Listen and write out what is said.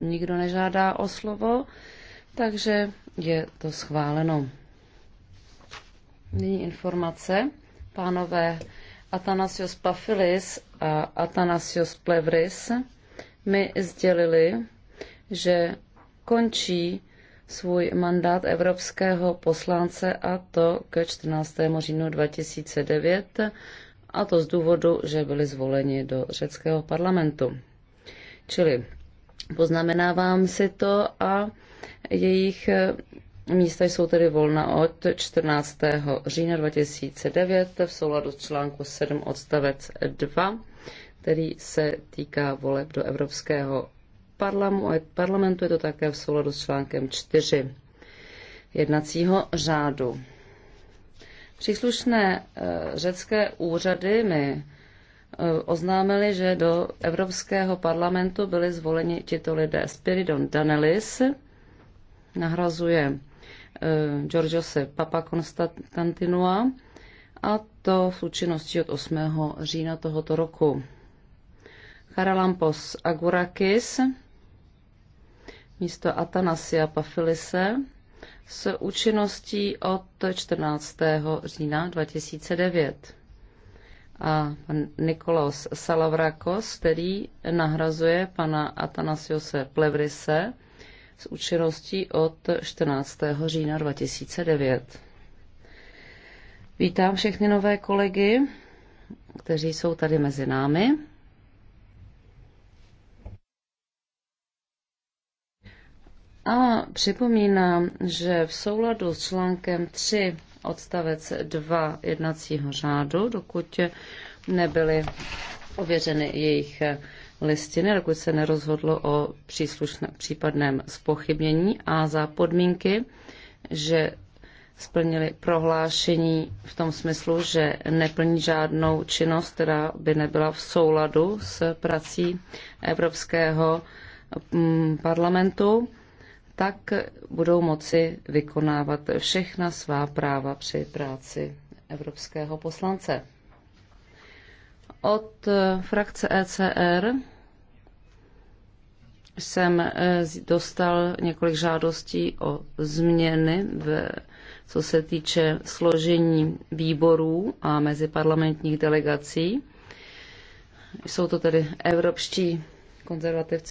Nikdo nežádá o slovo, takže je to schváleno. Nyní informace. Pánové Atanasios Pafilis a Atanasios Plevris mi sdělili, že končí svůj mandát evropského poslance a to ke 14. říjnu 2009 a to z důvodu, že byli zvoleni do řeckého parlamentu. Čili Poznamenávám si to a jejich místa jsou tedy volna od 14. října 2009 v souladu s článku 7 odstavec 2, který se týká voleb do Evropského parlamentu. Je to také v souladu s článkem 4 jednacího řádu. Příslušné eh, řecké úřady mi Eh, oznámili, že do Evropského parlamentu byli zvoleni tito lidé. Spiridon Danelis nahrazuje eh, Georgiose Papa Konstantinua a to v účinnosti od 8. října tohoto roku. Karalampos Agurakis místo Atanasia Pafilise s účinností od 14. října 2009 a Nikolaos Salavrakos, který nahrazuje pana Atanasiose Plevrise s účinností od 14. října 2009. Vítám všechny nové kolegy, kteří jsou tady mezi námi. A připomínám, že v souladu s článkem 3 odstavec 2 jednacího řádu, dokud nebyly ověřeny jejich listiny, dokud se nerozhodlo o příslušném případném spochybnění a za podmínky, že splnili prohlášení v tom smyslu, že neplní žádnou činnost, která by nebyla v souladu s prací Evropského mm, parlamentu tak budou moci vykonávat všechna svá práva při práci evropského poslance. Od frakce ECR jsem eh, dostal několik žádostí o změny, v, co se týče složení výborů a meziparlamentních delegací. Jsou to tedy evropští konzervativci